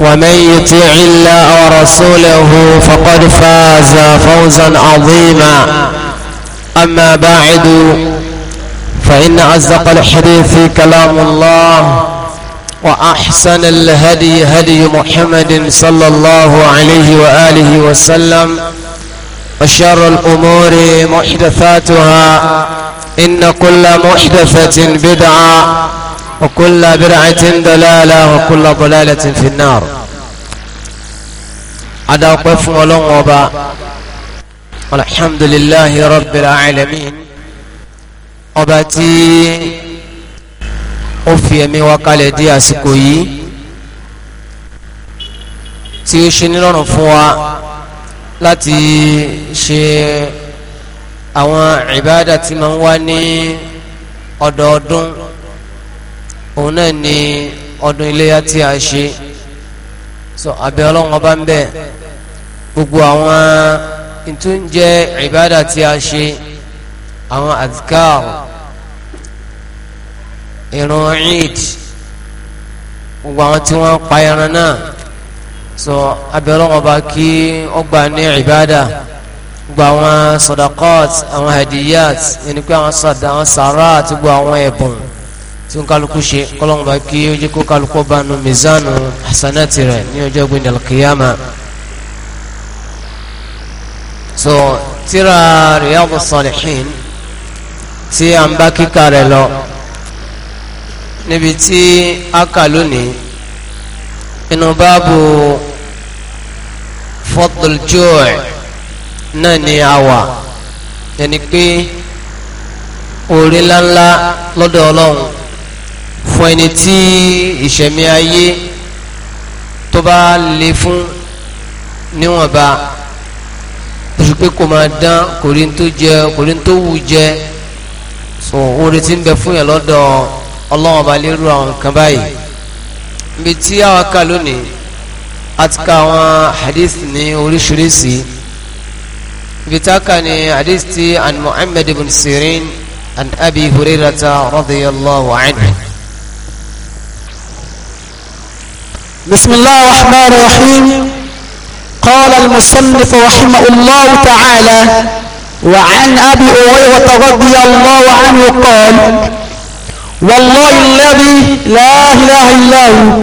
ومن يطع الله ورسوله فقد فاز فوزا عظيما أما بعد فإن أصدق الحديث كلام الله وأحسن الهدي هدي محمد صلى الله عليه وآله وسلم وشر الأمور محدثاتها إن كل محدثة بدعة وكل برعة ضلالة وكل ضلالة في النار هذا وقف ولنغبا والحمد لله رب العالمين أباتي أفي أمي وقال دي أسكوي تيوشيني لنفوا láti ṣe àwọn ìbádà tí ma ń ọdọọdún òun náà ni ọdún iléyà tí a ṣe so abẹ́ ọlọ́run ọba ń bẹ̀ gbogbo àwọn tó ń ìbádà tí a ṣe àwọn azkar ìrun eid gbogbo àwọn tí wọ́n pa ẹran náà so abẹ́ ọlọ́run ọba kí ọgbà ní ìbádà gbogbo àwọn sadaqat àwọn hadiyat ẹni pé àwọn sàrà àti gbogbo àwọn ẹ̀bùn tí ó kálukú ṣe kọ́lọ́n kí ó jẹ́ kó kálukú bá nu mizanu hasanati rẹ̀ ní ọjọ́ gbẹ̀ndẹ̀ kìyàmà so tíra Riyadu Salihin tí a ń bá kíkà rẹ̀ lọ níbi tí a kà lónìí inú báàbù fadl juu' náà ni a wà yẹni pé orí ńláńlá lọ́dọ̀ ọlọ́run fún ẹni tí ìṣẹ̀mí ayé tó bá le fún níwọ̀nba oṣù pé kò máa dán kò rí tó jẹ kò rí tó wù jẹ so oore ti ń bẹ fún yẹn lọ́dọ̀ ọlọ́wọ́n ba lérò àwọn nǹkan báyìí ibi tí àwọn kà lónìí àti ka àwọn hadith ní oríṣiríṣi ibi tá a kà ní hadith ti an Muhammad ibn Sirin an Abi Hurairata radiyallahu anhu. بسم الله الرحمن الرحيم قال المصنف رحمه الله تعالى وعن أبي هريرة رضي الله عنه قال والله الذي لا إله إلا هو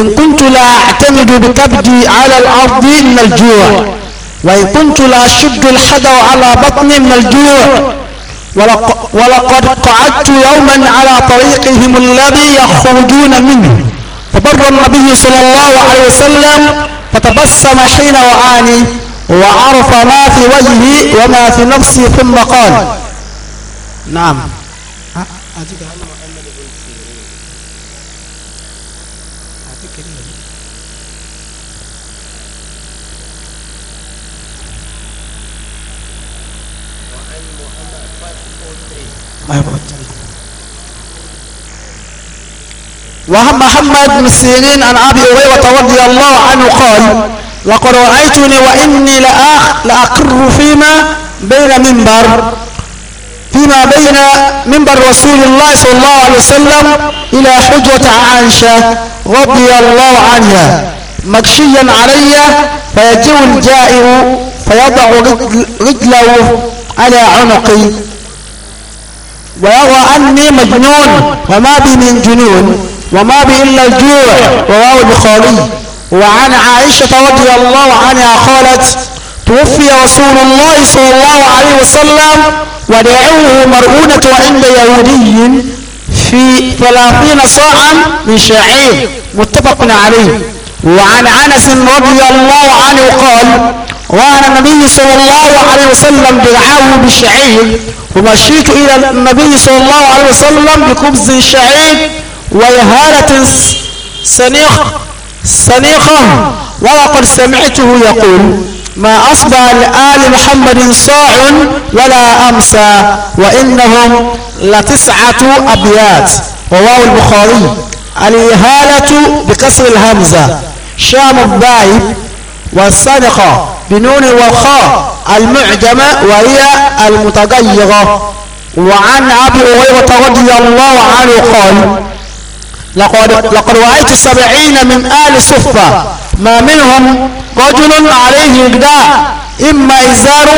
إن كنت لا أعتمد بكبدي على الأرض من الجوع وإن كنت لا أشد الحجر على بطني من الجوع ولقد قعدت يوما على طريقهم الذي يخرجون منه مر النبي صلى الله عليه وسلم فتبسم حين وعاني وعرف ما في وجهي وما في نفسي ثم قال نعم I want. وهم محمد بن سيرين عن أبي هريرة رضي الله عنه قال لقد رأيتني وإني لأخ لأقر فيما بين منبر فيما بين منبر رسول الله صلى الله عليه وسلم إلى حجرة عائشة رضي الله عنها مكشيا علي فيجيء الجائر فيضع رجله على عنقي ويرى أني مجنون وما بي من جنون وما بي إلا الجوع رواه البخاري وعن عائشة رضي الله عنها قالت توفي رسول الله صلى الله عليه وسلم ودعوه مرؤونة عند يهودي في ثلاثين صاعا من شعير متفق عليه وعن أنس رضي الله عنه قال وعن النبي صلى الله عليه وسلم دعاه بشعير ومشيت إلى النبي صلى الله عليه وسلم بخبز شعير وإهالة سنيخة سنيقة ولقد سمعته يقول ما أصبح لآل محمد صاع ولا أمسى وإنهم لتسعة أبيات رواه البخاري الإهالة بكسر الهمزة شام الضايب والسنقة بنون والخاء المعجمة وهي المتغيرة وعن أبي هريرة رضي الله عنه قال لقد لقد رأيت سبعين من آل صفة ما منهم رجل عليه اقداء إما إزار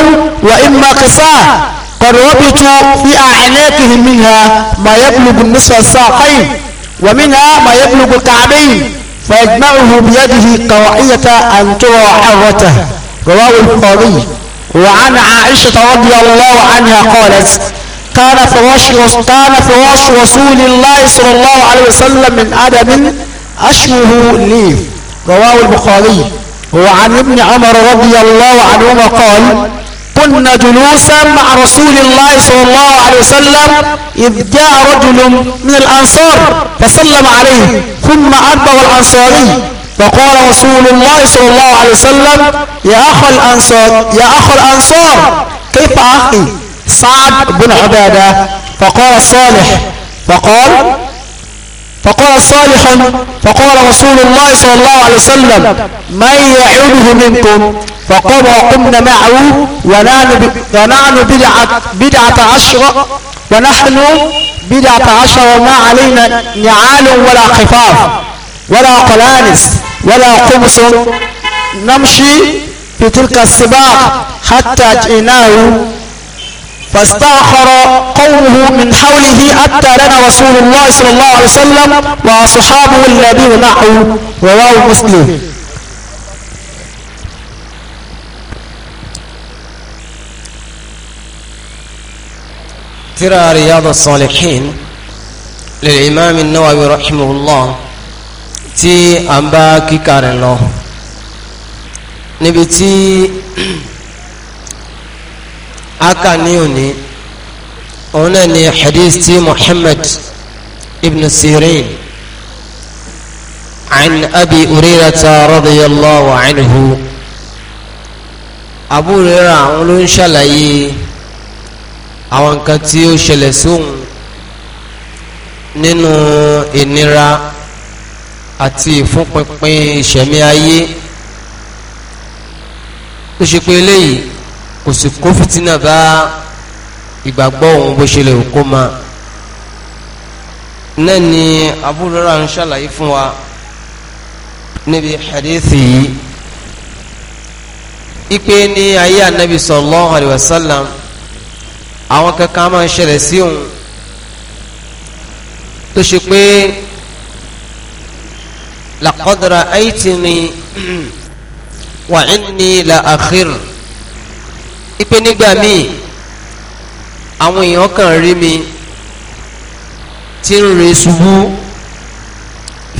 وإما قصاء قد ربطوا في أعناقهم منها ما يبلغ النصف الساقين ومنها ما يبلغ الكعبين فيجمعه بيده قوعية أن ترى حرته رواه البخاري وعن عائشة رضي الله عنها قالت كان فراش كان فراش رسول الله صلى الله عليه وسلم من أدم أشبه لي رواه البخاري وعن ابن عمر رضي الله عنهما قال كنا جلوسا مع رسول الله صلى الله عليه وسلم إذ جاء رجل من الأنصار فسلم عليه ثم أدبر الأنصاري فقال رسول الله صلى الله عليه وسلم يا أخ الأنصار يا أخ الأنصار كيف أخي سعد بن عبادة فقال صالح فقال فقال صالح فقال رسول الله صلى الله عليه وسلم من يعوده منكم فقام وقمنا معه ونحن ونحن بدعة بدعة عشر ونحن بدعة عشر وما علينا نعال ولا خفاف ولا قلانس ولا قمص نمشي في تلك السباق حتى جئناه فاستأخر قومه من حوله حتى لنا رسول الله صلى الله عليه وسلم وأصحابه الذين معه رواه مسلم ترى رياض الصالحين للإمام النووي رحمه الله تي أمباكي كارن الله تي aka ní òní òun náà ni hadith ti muhammad ibn sirin an abi hurairata radiyallahu anhu abu hurairah àwọn ló ń ṣàlàyé àwọn nǹkan tí ó ṣẹlẹ̀ sóhun nínú ìnira àti ìfúnpinpin ìṣẹ̀mí ayé ó ṣe pé eléyìí kò sì kó fìtínà bá ìgbàgbọ́ òun bó ṣe lè kó ma náà ni Abu Hurairah ń ṣàlàyé fún wa níbi hadithi yìí ipe ní ayé anabi sallallahu alayhi àwọn kankan máa ń ṣẹlẹ̀ sí òun tó ṣe pé laqad ra'aytini wa inni la akhir ipe nígbà míì àwọn èèyàn kan rí mi tí ń re ṣubú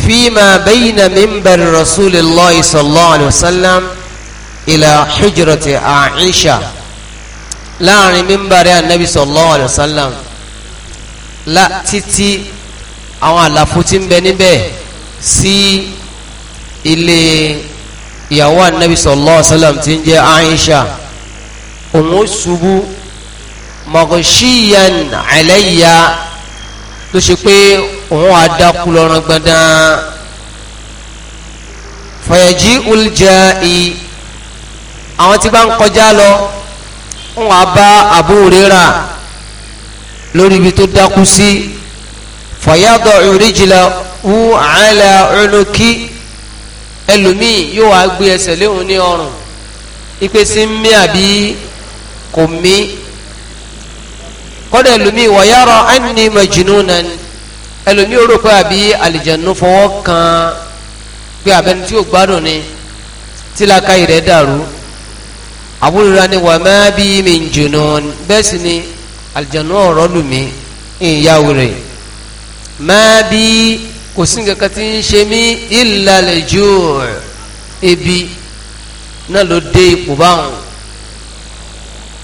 fíìmà bayna minbar rasulillah sallallahu alayhi wa sallam ila hujrati aisha láàrin mímbàrí anabi sallallahu alayhi wa sallam la títí àwọn àlàfo tí ń bẹ níbẹ̀ sí ilé ìyàwó anabi sallallahu tí ń jẹ́ aisha òun ó ṣubú mọ̀kànṣíyàn àlẹ́yà tó ṣe pé òun á dákú lọ́rùn gbọ̀ndán fọyẹ̀jì olùjẹ́ àwọn tí bá ń kọjá lọ ń wàá bá Abu Huraira lórí ibi tó dákú sí fọyàgọ̀ ìrìjìlá wú àlà ọ̀nùkí ẹlòmíì yóò wá gbé ẹsẹ̀ léhùn ní ọrùn ìpèsè mí àbí kò mí kọ́dà ẹlòmíì wà yàrá ẹni majununan ẹlòmíì ó rò pé àbí àlìjẹ̀nu fọwọ́ kan pé abẹni tí ó gbádùn ni tílaka rẹ̀ dàrú àbúrò ni wà má bí mi junun bẹ́ẹ̀ sì ni àlìjẹ̀nu ọ̀rọ̀ lù ìyàwó rẹ̀ má bí kò sí nǹkan tí ń ṣe mí ìlàlẹ̀ jù ebi náà ló dé ipò báwọn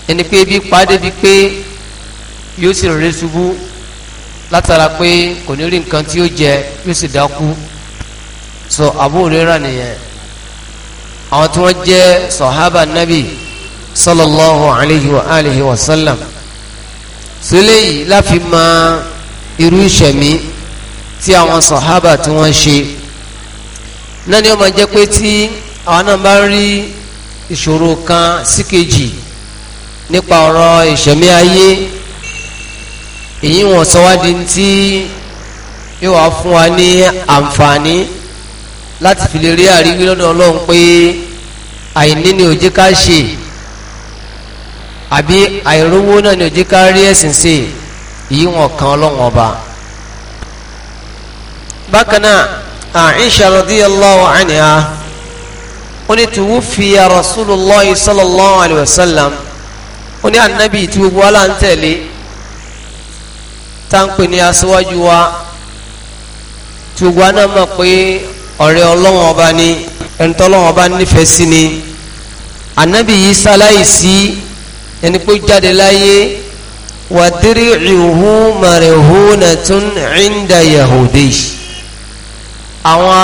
ẹni pé bí pàdé bíi pé yóò sì rẹ ṣubú látara pé kò ní rí nǹkan tí ó jẹ yóò sì dákú so Abu Huraira nìyẹn àwọn tí wọ́n jẹ́ sọ̀hábà nábì sallallahu alayhi wa alihi wa sallam sílẹ̀ yìí láfi mọ irú ìṣẹ̀mí tí àwọn sọ̀hábà tí wọ́n ṣe náà ni ó máa jẹ́ pé tí àwọn náà bá rí ìṣòro kan síkejì. Si nípa ọ̀rọ̀ ìṣẹ̀mí ayé èyí wọn sọ wá di tí yóò wá fún wa ní àǹfààní láti fi lè rí àríwí lọ́dọ̀ ọlọ́run pé àìní ni òjì ká ṣe àbí àìrówó náà ni òjì ká rí ẹ̀sìn ṣe èyí wọn kan ọlọ́run ọba. bákan náà Aisha radiyallahu anha ó ní tuwufiya Rasulullahi sallallahu alayhi wa sallam ó ní ànábì tí gbogbo wa là ń tẹ̀lé tá ń pè ní aṣíwájú wa tí gbogbo wa náà mọ̀ pé ọ̀rẹ́ ọlọ́wọ́n ọba ni ẹni tọ́lọ́wọ́n ọba nífẹ̀ẹ́ sí ni ànábì yìí sáláì sí ẹni pé jáde láyé wàdírí ìhú marihunatun inda yahudi àwọn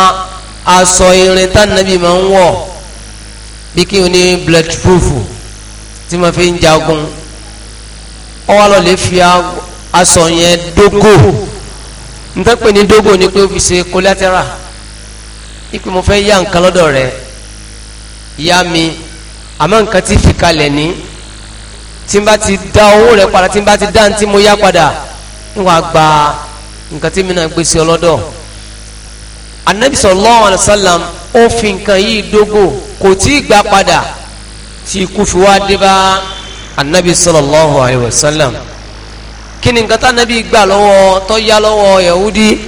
aṣọ irin tá ànábì máa ń wọ̀ bí kí n ní bulletproof tí mo fi ń jagun ó wá lọ lè fi aṣọ yẹn dógò nítorí pé ní dógò ni pé ó fi ṣe collateral ipe mo fẹ́ yá nǹkan lọ́dọ̀ rẹ̀ ya mi àmọ́ nǹkan ti fi kalẹ̀ ní tí n bá ti dá owó rẹ̀ padà tí n bá ti dá ní mo yá padà ń wàá gba nǹkan tí mi náà gbé sí ọ lọ́dọ̀ anabi sallallahu alaihi wasallam ó fi nǹkan yìí dógò kò tí ì gbà padà tí ikú fi wá dé bá anabi sallallahu alayhi wa sallam kí ni nǹkan tá anabi gbà lọ́wọ́ tó yá lọ́wọ́ yahudi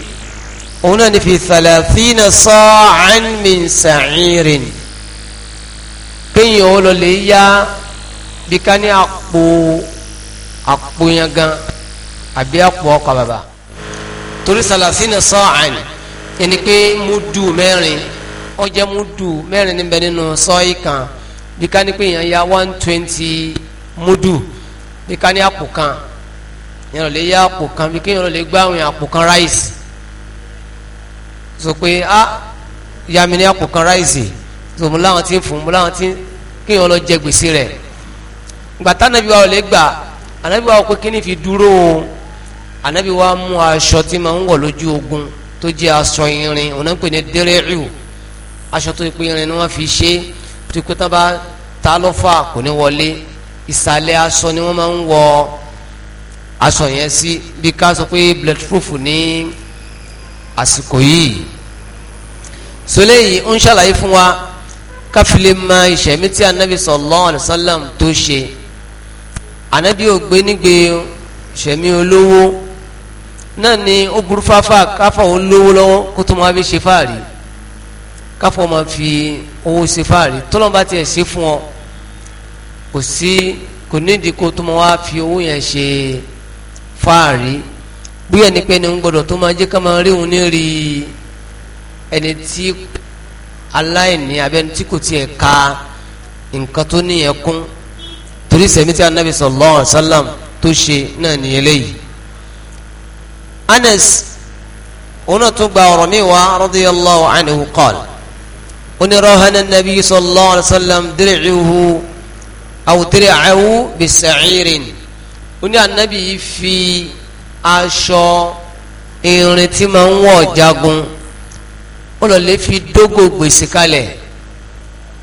òun náà ní fi thalathina sa'an min sa'irin kéèyàn ó lọ lè yá bí ká ní àpò àpò yẹn gan àbí àpò ọkọ̀ bàbà torí salasina sọ́ọ̀án ẹni pé múdù mẹ́rin ó jẹ́ múdù níbẹ̀ nínú sọ́ọ̀ì kan bí ká ní pé èèyàn ya one twenty múdù bí ká ní kan èèyàn lè ya àpò kan bí kéèyàn lè gbá àwọn àpò kan ráìsì sọ pé a ah, ya mi ní àpò kan ráìsì sọ mo láwọn tí ń fún mo láwọn tí kéèyàn lọ jẹ gbèsè rẹ̀ gbàtà ànábì wa ò lè gbà ànábì wa ò pé kí ni fi dúró o ànábì wa mú aṣọ tí ma ń wọ̀ lójú ogun tó jẹ́ aṣọ irin òun náà ń pè ní dẹ́rẹ́rù aṣọ tó pé irin ni wọ́n fi ṣe é ti pé tán bá ta lọ́fà kò ní wọlé ìsàlẹ̀ aṣọ ni wọ́n máa ń wọ aṣọ yẹn sí bí ká sọ pé blood proof ní àsìkò yìí sọlẹ́ yìí ó ń ṣàlàyé fún wa káfílẹ̀ ma ìṣẹ̀mí tí anabi sallallahu alaihi tó ṣe anabi ò nígbè ìṣẹ̀mí olówó náà ni ó burú fáfá káfọ̀ olówó lọ́wọ́ kó tó máa fi ṣe fáàrí káfọ́ ma fi owó ṣe fáàrí tọ́lọ́mọba tiẹ̀ ṣe fún ọ kò sí kò nídìí kó tó ma wá fi owó yẹn ṣe fáàrí bóyá ní pé ni ń gbọdọ̀ tó máa jẹ́ ká máa rí òun ní rí ẹni tí aláìní abẹ́ni tí kò tiẹ̀ ka nǹkan tó níyẹn kún torí sẹ́mi tí anabi sallallahu alaihi tó ṣe náà nìyẹn léyìí. Anas òun náà tún gba ọ̀rọ̀ anhu qala onírọ́hánà nàbí sallallahu alayhi wa sallam dir'ihu aw dir'ahu bisa'irin oní ànábì yìí fi aṣọ irin tí máa ń wọ̀ jagun ó lọ lè fi dógò gbèsè kalẹ̀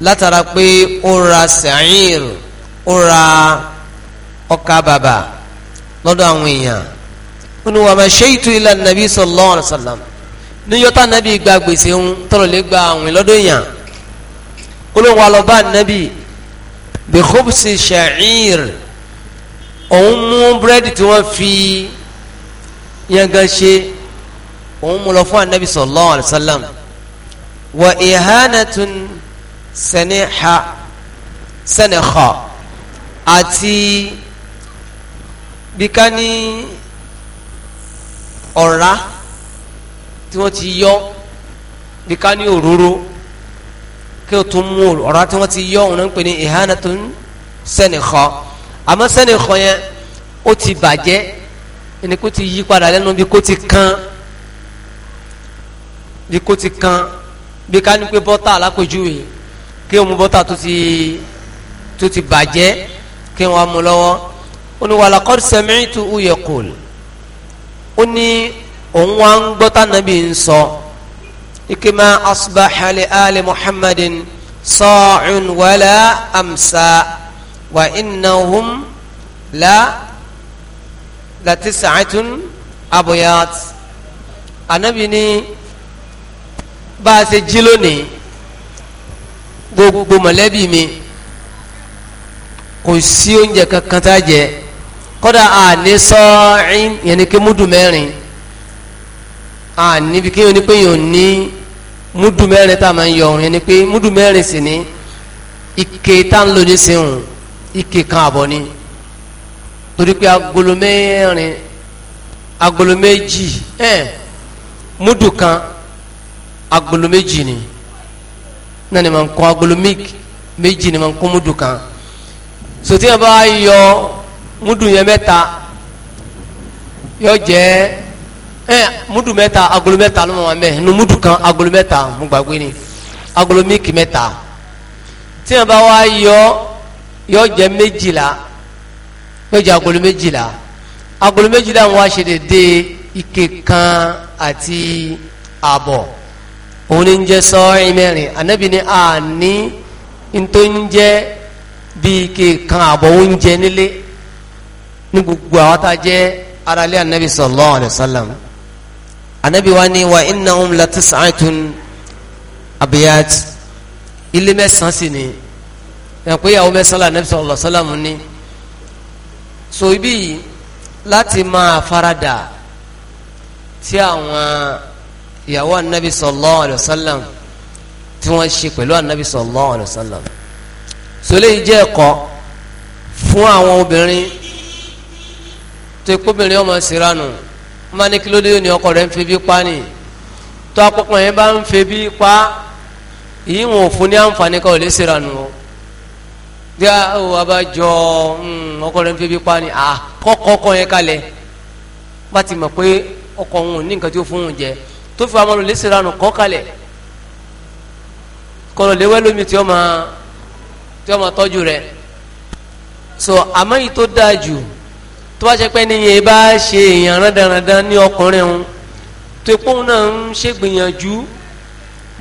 látara pé ó ra sa'ir ó ra ọkà bàbà lọ́dọ̀ àwọn èèyàn ó ní wa ma shaytu ila nàbí sallallahu alayhi wa sallam níjọ́ tá nàbí gba gbèsè ń tọrọ lè gba àwìn lọ́dọ̀ èèyàn ó ló ń wá lọ bá nàbí bi khubsi sha'ir òun mú búrẹ́dì tí wọ́n fi yangan ṣe òun mú lọ fún anabi sallallahu alayhi wa sallam wa ihanatun saniha saniha àti bíkání ọ̀rá tí wọ́n ti yọ bí ká ní òróró kí o tún mú ọ̀rá tí wọ́n ti yọ òun náà ń pè ní ihanatun sanikha àmọ́ sanikha yẹn ó ti bàjẹ́ ẹni kó ti yí padà lẹ́nu bí kó ti kan bí kó ti kan bí ká ní pé bọ́tà alápèjúwe kí o mú bọ́tà tó ti tó ti bàjẹ́ kí wọ́n á mú lọ́wọ́ ó ní walaqad sami'tu uyaqul ó ní òun wá ń gbọ́ tánàbí ń sọ ike ma asbaha li ali muhammadin sa'un wala amsa wa innahum la latisacatun abuyat anabi ni bá a ṣe jí lónìí gbogbo mọ̀lẹ́bí mi kò sí oúnjẹ kankan tá a jẹ kódà a ní sọ́ọ̀rín yẹn ni kí múdù mẹ́rin a níbi kí ni pé yóò ní múdù mẹ́rin tá a máa ń yọ ọ̀run ni pé múdù mẹ́rin sì ní ike tá ń lò ní sẹ́wọ̀n ike kan àbọ̀ ni torí pé agolo mẹ́rin agolo méjì ẹ̀ múdù kan agolo méjì ni náà ni màá kó agolo méjì ni màá kó múdù kan sòtí yẹn bá yọ múdù yẹn mẹ́ta yọ jẹ́ ẹ eh, mudu mẹ́ta agolo mẹ́ta ló máa mẹ numudu kan agolo mẹ́ta mo gbàgbé ni agolo mílíkì mẹ́ta tí wọn bá wá yọ yọ jẹ la, yọ jẹ agolo méjìlá agolo méjìlá wọn wá ṣe dédé ike kan àti àbọ̀ òun ni ń jẹ sọrin mẹ́rin anabi ni a ní ntọ́ ń ike kan àbọ̀ oúnjẹ nílé ní gbogbo àwọn tá a jẹ anabi sallallahu alaihi anabi wa ni wa innahum la tis'atun abiyat ilé mẹ́sàn sì ni ẹ̀kọ́ ìyàwó mẹ́sàn là anabi sallallahu alaihi wasallam ni so ibi yìí láti máa farada tí àwọn ìyàwó anabi sallallahu alaihi wasallam tí wọ́n ṣe pẹ̀lú anabi sallallahu alaihi wasallam so léyìí jẹ́ ẹ̀kọ́ fún àwọn obìnrin tó kóbìnrin ọmọ síranù wọ́n bá ní kí ló dé ní ọkọ rẹ̀ ń febi pa ni tó akọ́kọ́ yẹn bá ń febi pa yìí wọn ò fún ní àǹfààní kan ò lè ṣèrà nù ọ́ bí àwọn abájọ hmm, ọkọ rẹ̀ ń febi pa ni àkọ́kọ́ ọkọ yẹn kalẹ̀ bá ti mọ̀ pé ọkọ òun ní nǹkan tí ó fún òun jẹ tó fi àwọn olè ṣèrà nù kọ́ kalẹ̀ kọ̀rọ̀ léwẹ́ lómi tí ó tí ó tọ́jú rẹ̀ so àmọ́ yìí tó dáa jù tó bá jẹ́ pé níyẹn bá ṣe èèyàn rádaràdá ní ọkùnrin òun tó ipò náà ń ṣègbìyànjú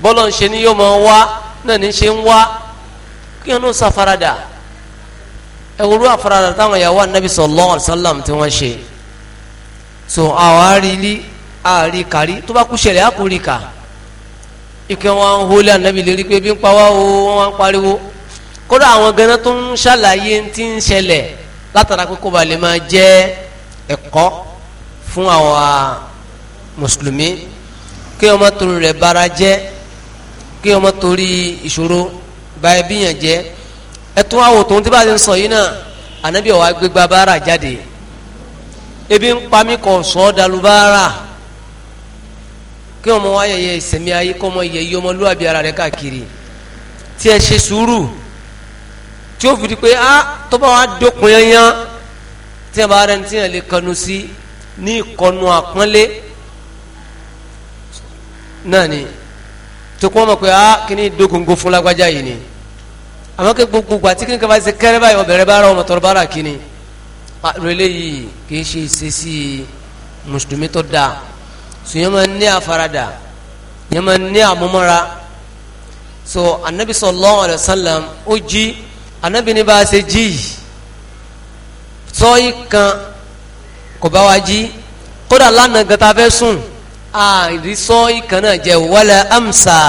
bọ́lọ̀ ń ṣe ni yóò máa wá náà ní ṣe ń wá kí wọn náà ṣàfaradà ẹ wúrú àfaradà táwọn ìyàwó anabi sallallahu alaihi wasallam tí wọ́n ṣe so àwọn àrílí àríkàrí tó bá kú ṣẹlẹ̀ àkúríkà ike wọn ń hólé anabi lérí pé bí ń pa wá o wọn ń pariwo kódà àwọn ganan tó ń ṣàlàyé ti ń ṣẹlẹ̀ látara pé kó ba lè máa jẹ́ ẹ̀kọ́ fún àwa mùsùlùmí kí ọmọ torí rẹ̀ bára jẹ́ kí ọmọ torí ìṣòro ba ẹbí yàn jẹ́ ẹtún àwò tó ń tí bá ti ń sọ yìí náà ànábì ọ̀wá gbégbá bára jáde ebi ń pa mí kọ̀ sọ́ dalubára kí ọmọ wa yẹ̀yẹ́ ìsẹ̀mí ayé kọ́ ọmọ yẹ̀yẹ́ ọmọlúwàbí ara rẹ̀ káàkiri tí ẹ ṣe sùúrù tí ó fi di pé a tó bá wa dókun yanyan tí a bá rẹ ní tí yẹn lè kanu sí ní ìkọnu àpọ́nlé náà ni tó kọ́ mọ̀ pé a kí ni dógungo fún lágbájá yìí ni àmọ́ kí gbogbo gbà tí kí n kaba ṣe kẹ́rẹ́ báyìí ọbẹ̀rẹ̀ bá ra ọmọ tọrọ bá ra kí ni àròlé yìí kì í ṣe ìṣesí mùsùlùmí tó dáa so yẹn máa ní àfaradà yẹn máa ní àmúmọ́ra so anabi sallallahu alaihi wasallam ó jí anabi ni bá a ṣe jí yìí tọ́yì kan kò bá wa jí kódà lánàá gan ta fẹ́ sùn àìrí sọ́yì kan náà jẹ́ wọlé amsa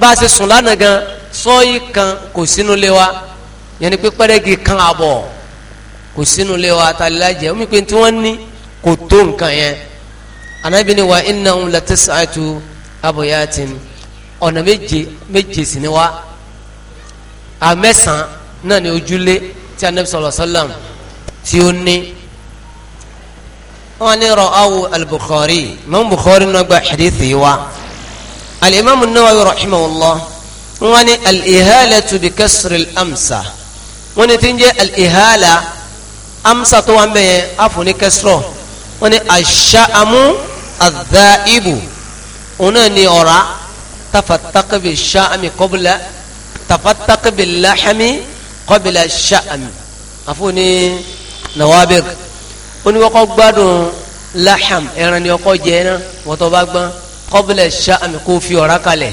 bá a ṣe sùn lánàá gan sọ́yì kan kò sínú lé wa yẹn ni pé pẹ́rẹ́gì kan àbọ̀ kò sínú lé wa àtàlẹ́ àjẹ́ omi pé tí wọ́n ní kò tó nǹkan yẹn anabi wa iná ń lọ tẹ̀sán àti aboyatin ọ̀nà méje méje sì wa àmẹ́sàn náà ni ojúlé tí anabi sallallahu alaihi wasallam tí ó ní wọn ní rawahu al-Bukhari imam Bukhari náà gba hadithi wa al-imam an-Nawawi rahimahullah wọn ní al-ihalatu bi kasri al-amsa wọn ní tí ń amsa tó wà ń bẹ̀yẹn àfọ̀ní wọn ní ash-sha'mu adh-dha'ibu òun náà ní ọ̀rá tafattaq tafatak bilahami qabila sha'ami àfọ ní nawabir ó ní wọ́n kọ́ gbádùn laham ẹran ni ọkọ jẹ náà wọ́n tó bá gbọ́n qabila sha'ami kó fi ọ̀rá kalẹ̀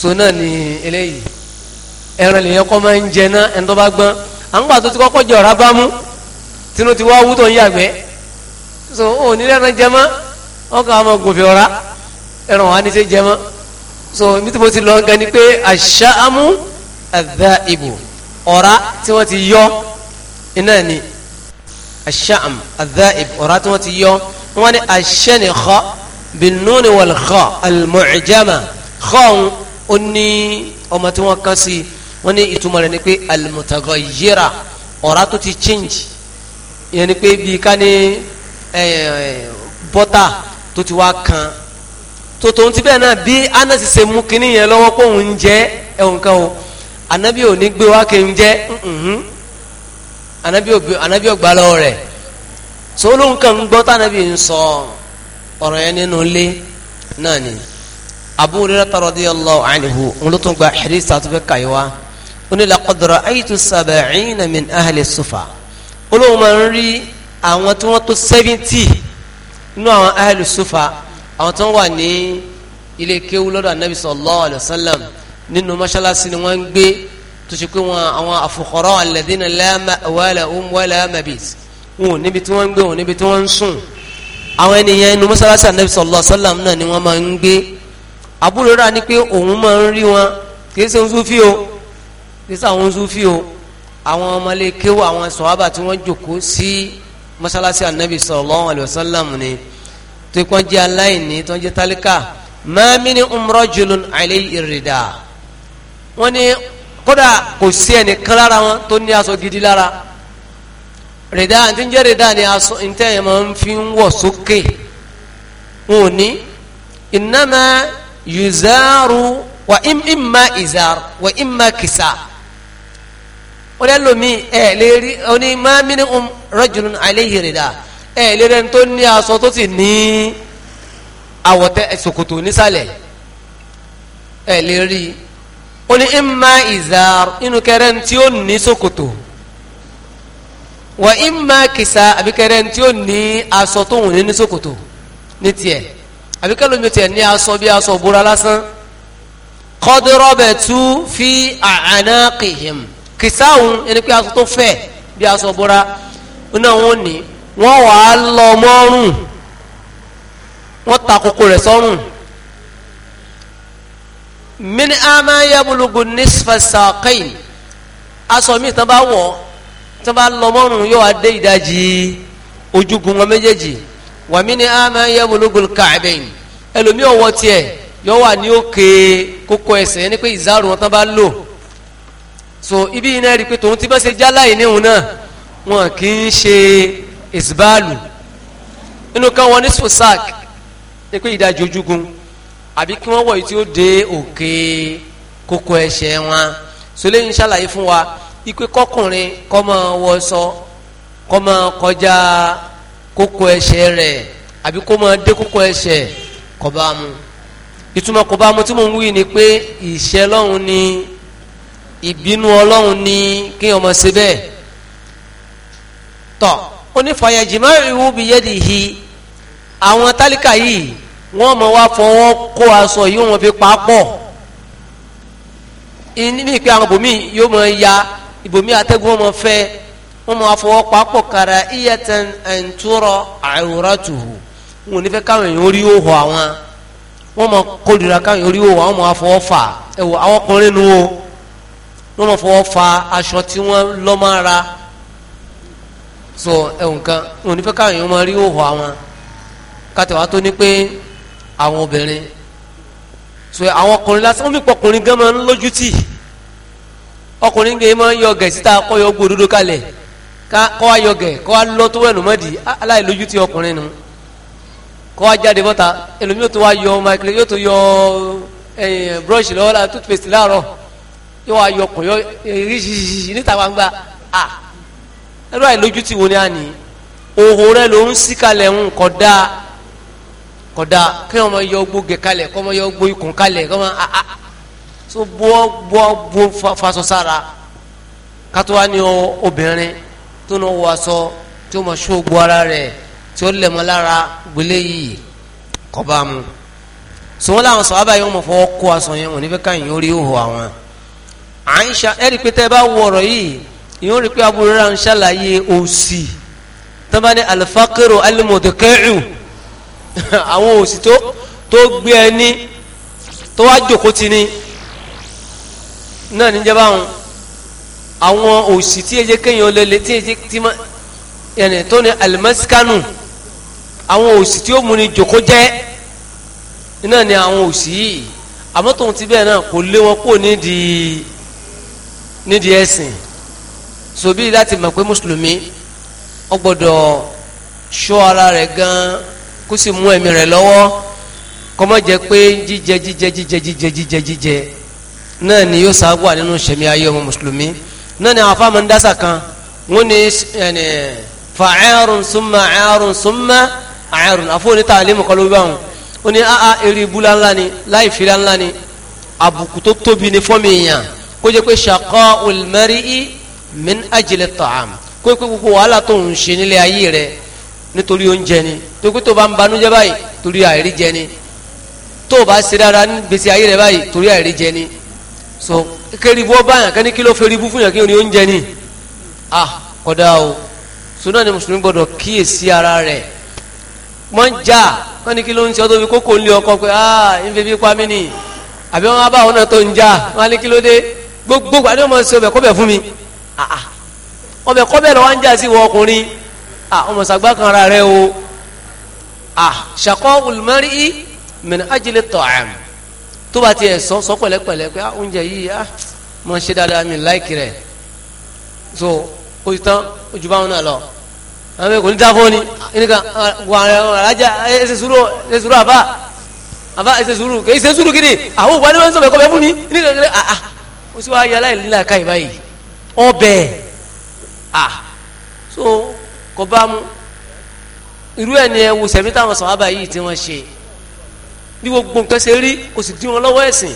so náà ni eléyìí ẹran lèyàn kọ́ máa ń jẹ náà ẹni ti kọ́kọ́ jẹ ọ̀rá bá ti wá wú tó so ò ní lẹ́ran jẹ mọ́ ọkọ̀ àwọn gòfin ọ̀rá ẹran so ibi tí mo ti lọ gan ni pé aṣáámú ẹ̀dá ibù ọ̀rá tí wọ́n ti yọ iná ni aṣáám ẹ̀dá ibù ọ̀rá tí wọ́n ti yọ wọ́n ní aṣẹ́nìkọ́ bìnnúni wàlùkọ́ àlùmọ̀ọ́jàmà kọ́ọ̀n ó ní ọmọ tí wọ́n kàn sí wọ́n ní ìtumọ̀ rẹ̀ ni pé àlùmọ̀tàgọ́ yíra ọ̀rá tó ti change ìyẹn ni pé bí ká ní eh, eh, bọ́tà tó ti wá kan so tòun ti bẹ́ẹ̀ náà bí Anas ṣe mú kinní yẹn lọ́wọ́ pé òun ń jẹ́ ẹ̀hún kan o anabi ò ní gbé wá kí n jẹ́ anabi ò gbà lọ́wọ́ rẹ̀ so olóhùn kan ń gbọ́ tànàbí ń sọ ọ̀rọ̀ yẹn nínú ilé náà ni Abu Hurairah radiyallahu anhu ń ló tún gba hadith àtúfẹ́ kàyíwá ó ní laqad ra'aytu sab'ina min ahli sufa olóhùn máa ń rí àwọn tí wọ́n tó sẹ́fìntì nínú àwọn ahli sufa àwọn tó ń wà ní ilé kéwú lọ́dọ̀ anabi sallallahu alayhi wa sallam nínú mọ́ṣáláṣí ni wọ́n ń gbé tó ṣe pé wọn àwọn àfòkọ́rọ́ alladhina la ma'wa lahum wa la mabit wọn ò níbi tí wọ́n ń gbé wọn níbi tí wọ́n ń sùn àwọn ènìyàn inú mọ́ṣáláṣí anabi sallallahu alayhi wa sallam náà ni wọ́n máa ń gbé àbúrò rà ní pé òun máa ń rí wọn kìí ṣe ń o kìí ṣe àwọn ń o àwọn ọmọlé kéwú àwọn sọ̀hábà tó kọ́ jẹ́ aláìní tó ń jẹ́ tálíkà ma min umrajulun alayhi irida wọ́n ní kódà kò sí ẹnìkan lára wọn tó ní aṣọ gidi lára rìdá àti ń jẹ́ rìdá ni aṣọ ìtẹ́yẹ̀ máa ń fi ń wọ̀ sókè wọn ò ní innama yuzaru wa imma izar wa imma kisa wọ́n lẹ́nu mi ẹ̀ lérí oní ma min umrajulun alayhi irida ẹ lérẹ tó ní aṣọ tó sì ní àwọ̀tẹ́ ṣòkòtò nísàlẹ̀ ẹ ó ní imma izar inú kẹrẹ tí ó ní ṣòkòtò wà imma kìsà àbí kẹrẹ tí ó ní aṣọ tó wùn ní ṣòkòtò ní tiẹ̀ àbí kẹlẹ́ omi tiẹ̀ ní aṣọ bí aṣọ òbúra lásán qadrabatu fi a'naqihim kìsà òun ẹni pé aṣọ tó fẹ̀ bí aṣọ òbúra ó náà wọ́n ní wọ́n wà á lọ mọ́rùn wọ́n ta kókó rẹ̀ sọ́rùn mini ama yabulugu nisfa saqayn aṣọ mi tán bá wọ̀ tán bá lọ mọ́rùn yóò wá dé ìdajì ojúgun wọn méjèèjì wà mini ama yabulugu ka'bayn ẹlòmíì ọwọ́ tiẹ̀ yóò wà ní òkè kókó ẹsẹ̀ yẹn pé ìzárò wọn tán bá lò so ibi iná rí i pé tòun ti bá ṣe jálá ìníhùn náà wọn kì í ṣe isbaalu inú kan wọ ní sùsàk ní pé ìdajì ojúgun àbí kí wọ́n wọ̀ yìí tí ó dé òkè kókó ẹsẹ̀ wọn sọlẹ́ ń ṣàlàyé fún wa ipe kọkùnrin kó máa wọṣọ kọjá kókó ẹsẹ̀ rẹ̀ àbí kó dé kókó ẹsẹ̀ kò bá mu tí mò ń wí ni pé ìṣẹ́ lọ́hùn ni ìbínú ọlọ́hùn ni kí ọmọ ṣe bẹ́ẹ̀ tọ̀ onífàyà jìmọ́ ìwú bi hi, àwọn tálíkà yìí wọ́n mọ̀ wá fọwọ́ kó aṣọ yìí wọ́n fi pa pọ̀ níbi pé àwọn bòmí yóò mọ̀ ya ìbòmí atẹ́gùn wọn mọ̀ fẹ́ wọ́n mọ̀ wá fọwọ́ pa pọ̀ kàrà iyẹ̀tẹ̀n ẹ̀ǹtúrọ̀ awratuhu wọn ò ní fẹ́ káwọn èèyàn orí òhò àwọn wọ́n mọ̀ kólura káwọn èèyàn òhò àwọn mọ̀ fọwọ́ fà ẹ̀wọ̀ àwọn ọkùnrin nu o mọ̀ fọwọ́ fà aṣọ tí wọ́n lọ́ máa ra so ẹ̀wọ̀n kan òun nífẹ̀ẹ́ káwọn èèyàn máa rí òhò àwọn kátẹ̀wá tó ní pé àwọn obìnrin so àwọn ọkùnrin lásán mi pọkùnrin gan máa ń lójú tì ọkùnrin gan máa ń yọ gẹ̀ síta kọ́ yọ gbòdodo kalẹ̀ kọ́ wa yọ gẹ̀ kọ́ wa lọ tó wẹ̀nu mọ́dì aláìlójú tì ọkùnrin nu kọ́ wa jáde bọ́ta ẹlòmíràn tó wa yọ maikele yóò tó yọ brush lọ́wọ́ la toothpaste láàárọ̀ yóò wa yọ kọ̀ yọ ríṣiríṣi níta gbangba ah ẹrú àìlójútì wo ni a ní òhò rẹ ló ń sí kalẹ̀ ń kọ̀dá kọ̀dá kí wọ́n máa yọ gbó gẹ̀ kalẹ̀ kọ́ máa yọ gbó ikùn kalẹ̀ kọ́ máa a ah, a ah, ah. so bọ́ bọ́ bọ́ faṣọ sára kátó wá ní obìnrin tó náà wọ aṣọ tí ó máa ṣó gbó ara rẹ̀ tí ó lẹ̀ mọ́ lára gbélé yìí kọ́ bá mu so làwọn sọ abáyé mọ̀ fọwọ́ kó aṣọ yẹn wọn nífẹ̀ẹ́ káyìn yóò òhò àwọn Àìṣà ẹ̀rí pé ẹ bá wọ yìí ìyóò rí pé Abu Hurairah ń ṣàlàyé òsì tó bá ní alifakiru alimodekeu àwọn òsì tó tó gbé ẹni tó wá jòkó ti ni náà níjẹba àwọn àwọn òsì tí ẹ jẹ́ kéèyàn lélẹ̀ tí ẹ jẹ́ tí ma yẹnì tó ní alimasikanu àwọn òsì tí ó mú ni jòkó jẹ́ náà ni àwọn òsì yìí àmọ́ ti bẹ́ẹ̀ náà kò lé wọn kó nídìí nídìí ẹ̀sìn sobi láti mọ̀ pé mùsùlùmí ó gbọ́dọ̀ ṣọ́ ara rẹ̀ gan kó sì mú ẹ̀mí rẹ̀ lọ́wọ́ kó má jẹ́ pé jíjẹ jíjẹ jíjẹ jíjẹ jíjẹ jíjẹ náà ni yóò sáwà nínú sẹ̀mí ayé ọmọ mùsùlùmí náà ni àwọn afáàmù ń dásà kan wọ́n ní ẹni fàáyàrùn súnmọ́ àyàrùn súnmọ́ àyàrùn àfọwọ́ni tààlímù kọ́ ló bá wọn ó ní áá eré ibùlá ńlá ni láì fìlà ńlá ni àbùkù tó tóbi ni fọ́mìyàn kó jẹ́ pé ṣàkọ́ olùmẹ́rì min ajili ta'am kó kó gbogbo wàhálà tó ń ṣe nílé ayé rẹ nítorí oúnjẹ ni tó kó tó bá ń banújẹ́ báyìí torí àìrí jẹ ni tó o bá ṣe dára ní gbèsè ayé rẹ báyìí torí àìrí jẹ ni so kéribú ọba yàn kẹ́ni kí ló fẹ́ ribú fún yàn kí ni oúnjẹ ni ah kọ́dá o sunna ni mùsùlùmí gbọ́dọ̀ kíyèsí ara rẹ̀ wọ́n já wọ́n ní kí ló ń ṣe ọ́ tó fi kókó lé ọkọ pé ah ń fi bí pa mí ni àbí wọ́n bá wọn náà tó ń já wọ́n á ní kí ló dé gbogbo àdéhùn mọ́ ṣe ọbẹ̀ kọ́bẹ̀ fún mi. Ah, ah. ọbẹ̀ kọ́bẹ̀ lọ́wọ́ ń jà sí wọ ọkùnrin ah, ọmọ sàgbà kan ara rẹ o ṣàkọ́ olùmọ́rí i mìíràn ajílẹ̀ tọ̀ àm tó bá tiẹ̀ sọ sọ pẹ̀lẹ́pẹ̀lẹ́ pé oúnjẹ yìí mọ̀ ṣe dáadáa mi láìkì rẹ̀ so ojú tán ojú báwọn náà lọ àwọn ẹgbẹ́ kò ní dáfọ́ ni ẹnìkan alájà ẹsẹ̀ sùúrù ẹsẹ̀ sùúrù àbá àbá ẹsẹ̀ sùúrù kì í ṣe sùúrù gidi àwọn òbá ni wọ́n ń sọ̀rọ̀ ẹ̀kọ́ bẹ́ẹ̀ fún mi ní kẹ̀kẹ́ àà ó sì wá yẹ aláìlélá káyìí báyìí ọbẹ̀ ah so kò bá mu irú ẹ̀ ni ẹ wo sẹ̀mí táwọn sàhábà yìí tí wọ́n ṣe bí gbogbo nǹkan ṣe rí kò sì dín wọn lọ́wọ́ ẹ̀sìn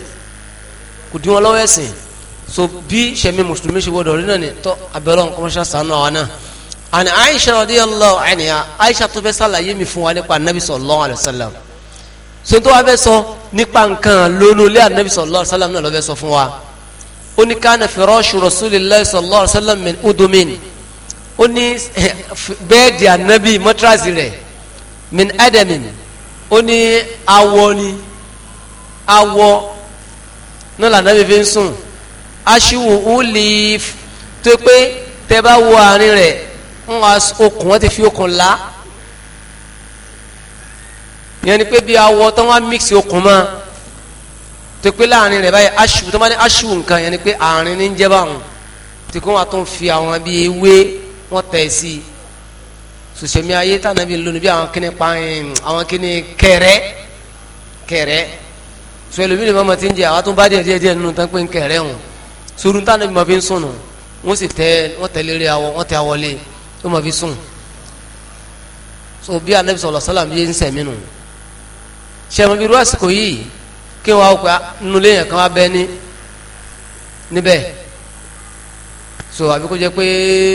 kò dín wọn lọ́wọ́ ẹ̀sìn so bí sẹ̀mí mùsùlùmí ṣe gbọdọ̀ rí náà ni tọ́ abẹ́rẹ́ wọn kọ́mọ́ṣá sànú àwọn náà àni Aisha radiyallahu anha Aisha tó fẹ́ sàlàyé mi fún wa nípa anabi sallallahu alayhi wa sallam so tó wá fẹ́ sọ nípa nǹkan lónìí olé anabi sallallahu alayhi sallam náà lọ́ fẹ́ sọ fún wa ó ní kánà firashu rasulillahi sallallahu alaihi wasallam min udumin ó ní eh, bẹ́ẹ̀dì ànábì mọ́tírasì rẹ̀ min adamin ó ní awọ ni awọ náà lànàbì fi ń sùn aṣíwò ulif tó pé tẹ bá wo àárín rẹ̀ okùn wọn ti fi okùn la yẹn ni pé bí awọ tó wá mix okùn mọ́ tó pé láàrin rẹ̀ báyìí aṣù tó bá ní aṣù nǹkan yẹn ni pé àárín ní ń jẹ́ báwọn tí kò wọ́n tó ń fi àwọn bí ewé wọ́n tẹ̀ sí i sòsèmí ayé tànà bí lónìí bí àwọn kíni pààyàn àwọn kíni kẹrẹ kẹrẹ sọ ẹlòmíràn bá ti ń jẹ àwọn tó ń bá díẹ̀ díẹ̀ díẹ̀ nínú tán pé ń kẹrẹ wọn sórun tànà bí ma fi ń sùn nù wọ́n sì tẹ wọ́n tẹ lérí awọ wọ́n tẹ awọlé tó ma fi sùn so bí anabi sọlọ sọlá mi yé ń sẹ̀mí nù sẹ̀mí kí wọn kọ nulẹ̀ yẹn kan wá ní níbẹ̀ so àbí kó jẹ pé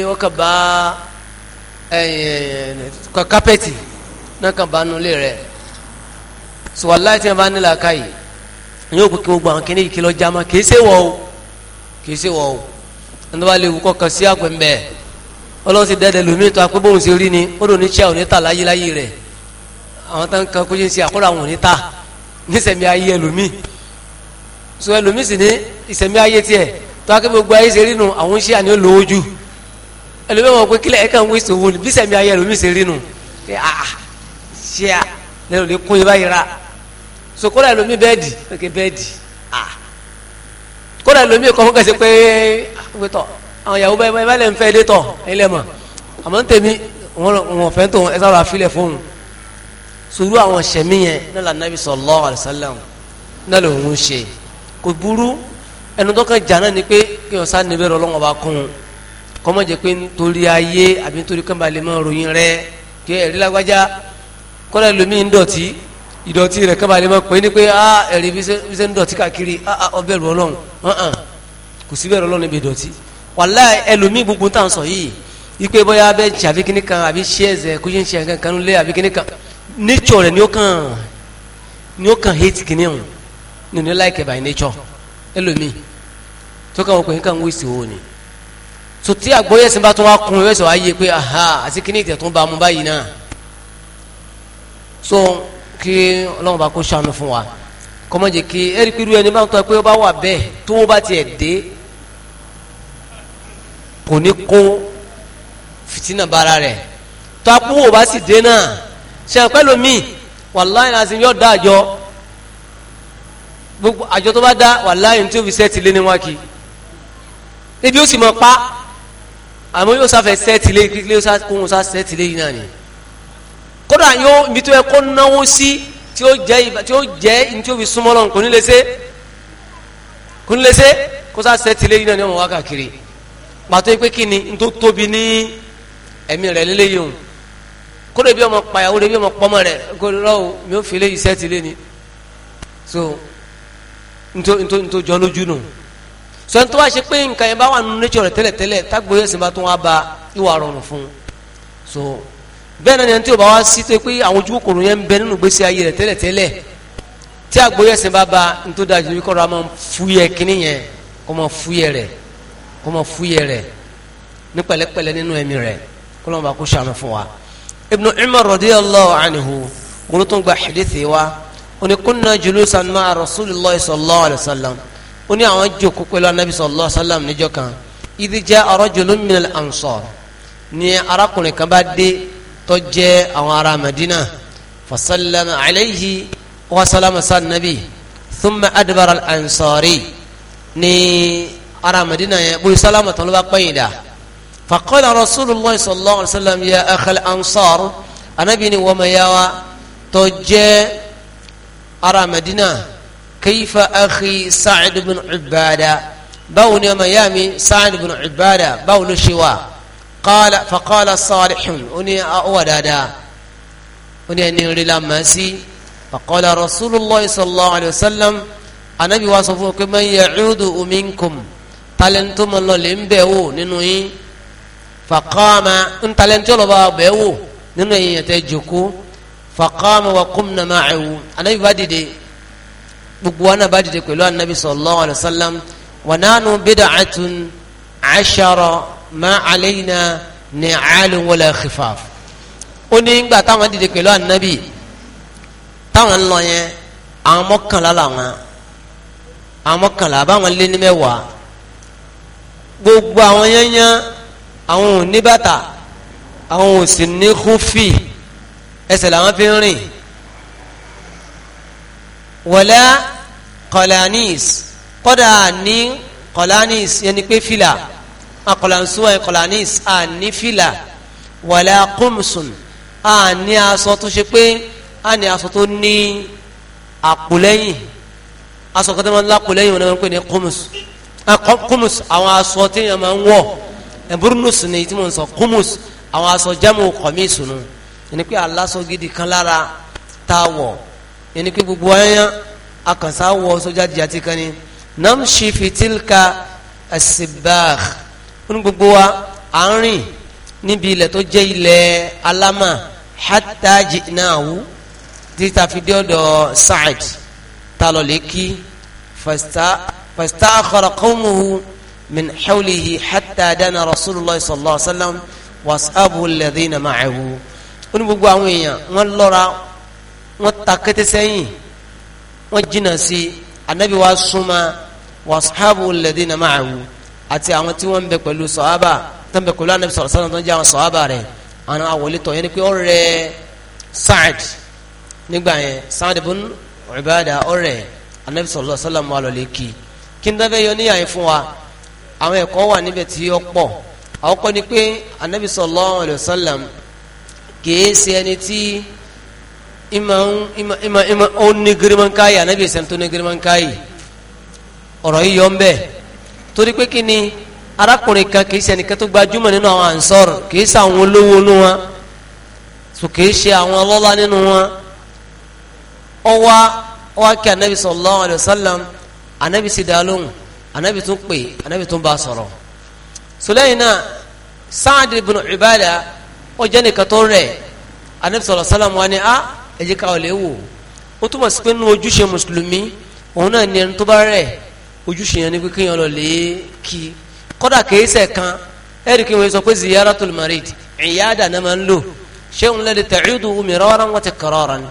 wọ́n kàn bá eh, kápẹ́tì náà kàn bá nulẹ̀ rẹ̀ so wàláhì tí wọn bá nílà káyì yóò kó kí wọn gbọ́ àwọn kìnìyàn kí lọ jáma kì í ṣe wọ́ o kì í ṣe wọ́ o ẹni wàá lè wù kọ́ sí àgbẹ̀ ń ọlọ́run ti dẹ́dẹ̀ lómi tó akpé bóun ṣe rí ni ó dò ní tíyà òní ta láyé láyé rẹ̀ àwọn táwọn kan kó jẹ́ ń ṣe àkọ́rọ̀ àwọn òní ta ní sẹ̀mí ayé ẹlòmíì so ẹlòmíì sì ní ìsẹ̀mí ayé tiẹ̀ tó akẹ́ gbogbo ayé ṣe rí nu àwọn iṣẹ́ àní olówó jù ẹlòmíì wọn pé kílẹ̀ ẹ̀ka ń wí sòwò ní bí sẹ̀mí ayé ẹlòmíì ṣe rí nu ẹ̀ ah, ah ṣé a lẹ́nu lè kún ibà yìí ra so kódà ẹlòmíì bẹ́ẹ̀dì ok bẹ́ẹ̀dì ah kódà ẹlòmíì kọ́ fún kẹsì pé wíìtọ̀ àwọn ìyàwó bá ẹ bá lẹ́ ń fẹ́ dé tọ̀ ẹ lẹ́ mọ̀ àmọ́ ń tèmi wọn ò fẹ́ tó ẹ sábà sùúrù àwọn ṣẹ̀mí yẹn náà lànàbí sallallahu alaihi wasallam náà ṣe kò burú ẹnu tó jà náà ni pé kí ọ̀sán níbẹ̀ rọ lọ́wọ́ bá kún un kọ́mọ̀ jẹ́ pé nítorí ayé àbí nítorí kàn bá lè máa ròyìn rẹ kí ẹ̀rí lágbájá kọ́lá lomi ń dọ̀tí ìdọ̀tí rẹ̀ kàn bá lè máa pè é ní pé ah ẹ̀rí bí ṣe ń dọ̀tí káàkiri ah ọbẹ̀ rọ lọ́hùn kò síbẹ̀ rọ lọ́hùn ibi dọ̀tí wàláhì ẹlòmí gbogbo tá à ń sọ yìí ipe bóyá abẹ́ ṣàfikíní kan nature rẹ ni ó kàn ni ó kàn hate kìíní ọ̀hún ni ó ní like by nature ẹlòmíì tó kàn wọ́n pé nǹkan ń wíṣì owó ni so tí àgbọ̀yé sinba tó wá kun ẹ̀sọ̀ wá yé pé aha àti kìíní ìtẹ̀ tó ń ba mu báyìí náà so kí ọlọ́run bá kó sànù fún wa kọ́mọ́jì kí ẹ̀rí pẹ̀lú ẹni bá ń tọ́ pé ó bá wà bẹ́ẹ̀ tó wọ́n bá tiẹ̀ dé kò ní kó fìtínà bára rẹ̀ tó apúwò bá sì dé náà sẹ́wọ̀n pẹ́lú mi wàláyé lásìkò yóò dá àjọ gbogbo àjọ tó bá dá wàláyé tó fi sẹ́ẹ̀tì lé níwá kí ebi ó sì mọ̀ pa àmọ́ yóò sáfẹ́ sẹ́ẹ̀tì lé kíkílé kó wọn sá sẹ́ẹ̀tì lé yìí náà ni kódà yóò ibi tó yẹ kó náwó sí tí ó jẹ́ tí ó jẹ́ ní tí ó fi súnmọ́ lọ́n kò ní lè ṣe kò ní lè ṣe kó sá sẹ́ẹ̀tì lé yìí náà ni ọmọ wa kàkiri pàtó yìí kí ni n tóbi ní ẹ̀mí rẹ̀ lélẹ́yìí kódà ibi ọmọ pàyàwó rẹ ibi ọmọ pọmọ rẹ kódà lọ́wọ́ mi ò fi lé iṣẹ́ ti lé ni so nto nto nto jọ lójú nù sọ ní tó wá ṣe pé nǹkan yẹn bá wà nínú nature rẹ tẹ́lẹ̀tẹ́lẹ̀ tágbó yẹn sì bá tó wá ba ìwà rọrùn fún so bẹ́ẹ̀ náà ni ẹni tí o bá wá sí tó pé àwọn ojú kòkòrò yẹn ń bẹ nínú gbèsè ayé rẹ tẹ́lẹ̀tẹ́lẹ̀ tí àgbó yẹn sì bá ba nítorí dájú ní kọ́ra máa fúyẹ́ kínní yẹn kó máa fúyẹ́ rẹ̀ kó máa fúyẹ́ rẹ̀ ní pẹ̀lẹ́pẹ̀lẹ́ nínú ẹ̀mí rẹ̀ kó lọ́n bá fún wa ibnu umar radiyallahu anhu olùtún gba hadithi wa oní kunna julusan ma'a rasulillahi sallallahu alayhi wa sallam oní àwọn jókòó pẹ̀lú anabi sallallahu alayhi wa sallam níjọ́ kan idh ja'a rajulun minal ansar ní arákùnrin kan bá dé tó jẹ́ àwọn ará madina fasalama alayhi wa salama sannabi thumma adbara al ansari ní ará madina yẹn bóyá salama tó ló bá faqala rasulillah sallallahu alayhi wa sallam ya akhal ansar anabi ni wọ́n ma yá wa tó jẹ́ ara madina kayfa akhi sa'id bin ibada báwo ni ọmọ yá mi sa'id bin ibada báwo ló ṣe wa qala faqala salihun ó ní ọwọ́ dáadáa ó ní ẹni rí la màá sí faqala rasulillah sallallahu alayhi wa sallam anabi wa sọ fún mi pé man ya'udu minkum talentuma lọ́lẹ̀ ń bẹ̀ wò nínú yín fàkọ́ọ̀mà ntalẹ́ntì ọlọ́ba ọbẹ̀ wò nínú èèyàn tẹ́ jòkó fàkọ́ọ̀mà wà kúmnà máa ẹ̀wò anabi bá dìde gbogbo wa náà bá dìde pẹ̀lú anabi sallallahu alayhi wa sallam wà nánu bid'atun ashara ma alayna ní àlùn wala khifaf ó ní gbà táwọn dìde pẹ̀lú anabi táwọn ń lọ yẹn àwọn mọ́kànlá làwọn àwọn mọ́kànlá àbáwọn lé ní mẹ́wàá gbogbo àwọn yẹn yẹn àwọn ò ní bàtà àwọn ò sì ní kúfì ẹsẹ̀ làwọn fi ń rìn wala kọlanis kọ́dà ní kọlanis yẹn ni pé fìlà akọlansuwa yẹn kọlanis à ní fìlà wala kùmsùn à ní aṣọ tó ṣe pé à ní aṣọ tó ní àpòlẹ́yìn aṣọ kọ́tà máa ń lápòlẹ́yìn wọn ni wọ́n ń pè ní kùmùs àwọn aṣọ tí yẹn máa ń wọ̀ burnus ni tí mo ń sọ kumus àwọn aṣọ jẹ́mu kọ̀míìsù nù ẹni pé aláṣọ gidi kan lára tá a wọ̀ ẹni pé gbogbo ayẹyẹ akànṣá wọ sójà jìyà ti kan ni namshi fitilka asibah ní gbogbo wa à ń rìn níbi ilẹ̀ tó jẹ́ ilẹ̀ alama hatta jinahu títa fi dé ọ̀dọ̀ Sa'id talọ̀ fasta fasta akhara qawmuhu. من حوله حتى دنا رسول الله صلى الله عليه وسلم واصحابه الذين معه ó ní gbogbo àwọn èèyàn wọ́n lọ́ra wọ́n ta kété sẹ́yìn wọ́n jìnnà sí anabi wa súnmọ́ واصحابه الذين معه àti àwọn tí wọ́n ń bẹ pẹ̀lú sọ̀hábà tó ń bẹ pẹ̀lú anabi sọ̀rọ̀ sọ̀rọ̀ tó ń jẹ́ àwọn sọ̀hábà rẹ̀ àwọn àwọlé tọ̀ yẹn ni pé ó rẹ̀ Sa'd nígbà yẹn Sa'd ibn Ubadah ó rẹ̀ anabi sọ̀rọ̀ sọ̀rọ̀ mọ́ àlọ́ lè kí kí n dábẹ́ yọ níyà yẹn fún wa àwọn ẹ̀kọ́ wà níbẹ̀ tí ó pọ̀ àwọn kọ́ ni pé anabi sallallahu alayhi wa sallam kìí ṣe ẹni tí ìmọ̀ ìmọ̀ ìmọ̀ ó ní gírímọ̀nkáyì anabi ṣe tó ní gírímọ̀nkáyì ọ̀rọ̀ yìí yọ ń bẹ̀ torí pé kí ni arákùnrin kan kìí ṣe ẹnìkan tó gbajúmọ̀ nínú àwọn ansor kìí ṣe àwọn olówó nínú wọn so kìí ṣe àwọn ọlọ́lá nínú wọn ọwọ́ ọwọ́ kí anabi sallallahu alayhi wa anabi sì dá lóhùn anabi tún pè anabi tún bá a sọ̀rọ̀ sọlẹ́yìn náà sáàdì ibn Ubada ó jẹ́ nìkan tó rẹ̀ anabi sọ̀rọ̀ sálàmù wa ni a ẹ jẹ́ ká ọ lè wò ó túmọ̀ sí pé nínú ojúṣe mùsùlùmí òun náà ni ẹni tó bá rẹ̀ ojúṣe yẹn ni pé kéèyàn lọ lè kí kọ́dà kéésẹ̀ kan ẹ̀rì kí wọ́n sọ pé ziyaratul marid ìyáàdà náà máa ń lò ṣé òun lẹ́ni tẹ̀cídù miraran wa tikraran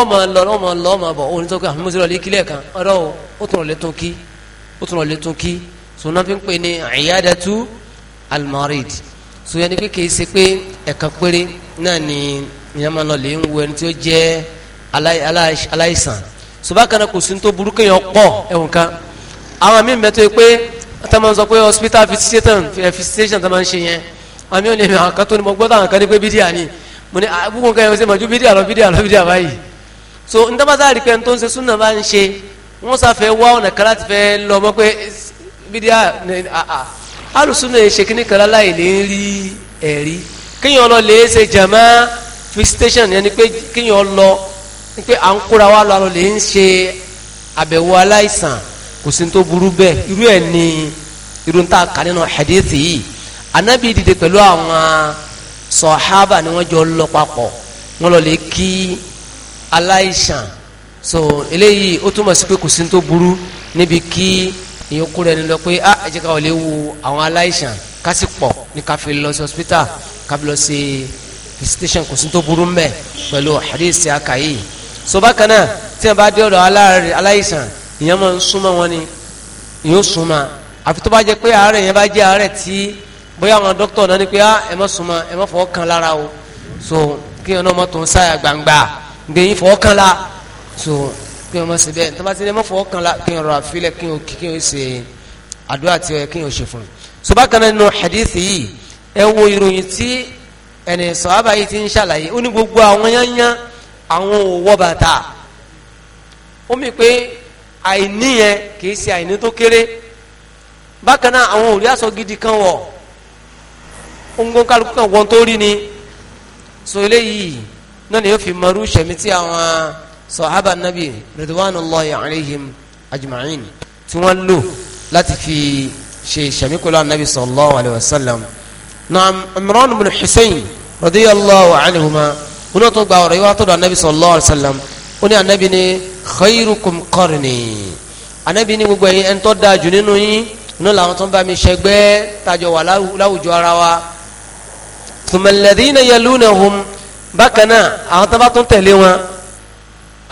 ọmọ lọ ọmọ lọ ọmọ bọ̀ òun tó kí àmúṣe lọ lè kílẹ̀ kan ọ̀rọ̀ ó tún lọ lè tún ó tún lọ lè tún kí sùn náà fi ń pè ní ìyádàtú almarid sùn yẹn ni pé kìí ṣe pé ẹ̀ka péré náà ni ìyẹn máa lọ lè ń wo ẹni tí ó jẹ́ aláìsàn sùbá kan náà kò sí ní tó burú kéèyàn pọ̀ ẹ̀wọ̀n kan àwọn míì mẹ́tọ́ yìí pé tá máa ń sọ pé hospital visitation eh, tá a máa ń ṣe yẹn àwọn míì ò ní àwọn kan tó ní mo gbọ́dọ̀ àwọn kan ní pé bídíà ni mo ní àbúkù ah, kan yẹn ó sì mọ̀ ju bídíà lọ bídíà lọ bídíà báyìí so ntọ́mọ́sá rí pé n tó ń ṣe súnà bá ń ṣe wọ́n sáfẹ́ wá ọ̀nà kan láti fẹ́ lọ mọ́ pé bídíà alùsùn náà ṣe kíní kan láì lè rí ẹ̀rí kíyàn lọ lè ṣe jàmá visitation yẹn ni pé kíyàn lọ ni pé à ń kóra wa lọ lè ń ṣe àbẹ̀wò aláìsàn kò sí tó burú bẹ́ẹ̀ irú ẹ̀ ni irú ń ta kà nínú hadith yìí anabi dìde pẹ̀lú àwọn sọ̀hábà ni wọ́n jọ lọ papọ̀ wọ́n lọ lè kí aláìsàn so eléyìí ó túmọ̀ sí pé kò sí ní tó burú níbi kí èèyàn kó rẹ ni lọ pé ah ẹ jẹ́ ká wọlé wo àwọn aláìsàn ká ní ká lọ sí hospital ká fi lọ sí visitation kò sí ní tó burú mbẹ pẹ̀lú hadith akayi so bákan náà tí wọn bá dé ọ̀dọ̀ aláìsàn èèyàn máa ń súnmọ́ wọn ni yóò súnmọ́ àfi tó bá jẹ́ pé àárẹ̀ yẹn bá jẹ́ àárẹ̀ tí bóyá àwọn dókítà náà ni pé ah ẹ má súnmọ́ ẹ má fọwọ́ kan lára o so kí wọn náà mọ̀ tó ń sáyà gbangba gbẹ̀yìn fọwọ́ kan la so kí wọn ṣe bẹ́ẹ̀ tó bá ti ní mọ́ fọwọ́ kan la kí wọn rọra filẹ̀ kí wọn kí wọn ṣe àdúrà tí wọn kí wọn ṣe fún un so bákan náà nínú hadith yìí ẹ wo ìròyìn tí ẹnì sọ̀hábà yìí ti ń ṣàlàyé ó ní gbogbo àwọn yányán àwọn òwò bàtà ó mi pé àìní yẹn kì í ṣe àìní tó kéré bákan náà àwọn òrí aṣọ gidi kan wọ̀ ongo kálukú kan wọ́n tó rí ni so eléyìí náà ni yóò fi mọrú sẹ̀mí tí àwọn sọ̀hábà nàbì ridwanullahi alayhim ajma'in tí wọ́n lò láti fi ṣe ṣàmìkọ́lá nàbì sallallahu alayhi wa sallam naam Imran ibn Husayn radiyallahu anhuma wọn tó gba ọ̀rọ̀ yìí wọ́n tó dọ̀ nàbì sallallahu alayhi wa sallam ó ní ànàbì ní khayrukum qarni ànàbì ní gbogbo ẹ̀yin ẹni tó dáa jù nínú yín inú làwọn tó ń bá mi ṣẹgbẹ́ tàjọ wà láwùjọ ara wa thumma alladhina yalunahum bákan náà àwọn tó bá tún tẹ̀lé wọn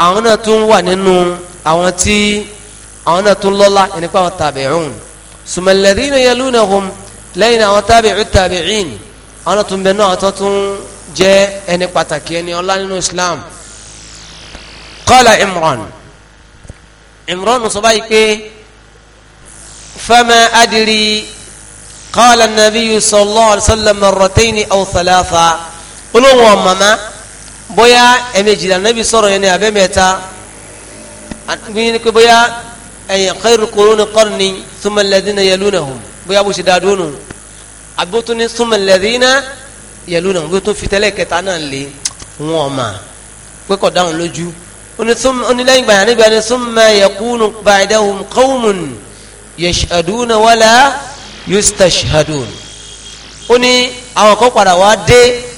àwọn náà tún wà nínú àwọn tí àwọn náà tún lọ́lá ẹni pé àwọn tabi'un summa alladhina yalunahum lẹ́yìn àwọn tabi'u tabi'in àwọn náà tún bẹ náà tó tún jẹ́ ẹni pàtàkì ẹni ọlá nínú Islam qala Imran Imran sọ báyìí pé fama adiri qala an-nabiyyu sallallahu alaihi wasallam marratayn aw thalatha olóhùn ọ̀mọ̀mọ́ bóyá ẹ̀mẹ̀jìlá nàbí sọ̀rọ̀ yẹn ní abẹ́mẹ́ta gbìyànjú pé bóyá ẹ̀yìn khairu quruni qarni thumma alladhina yalunahum bóyá bó ṣe dáa dúró nù àbótú ní thumma alladhina yalunahum bó tún fitẹ́lẹ̀ kẹta náà lé wọn ọ̀ma pé kọ̀ dáhùn lójú onílẹ́yìn gbàyàn níbi ẹni thumma yakunu ba'dahum qawmun yashhaduna wala yustashhadun ó ní àwọn kan padà wá dé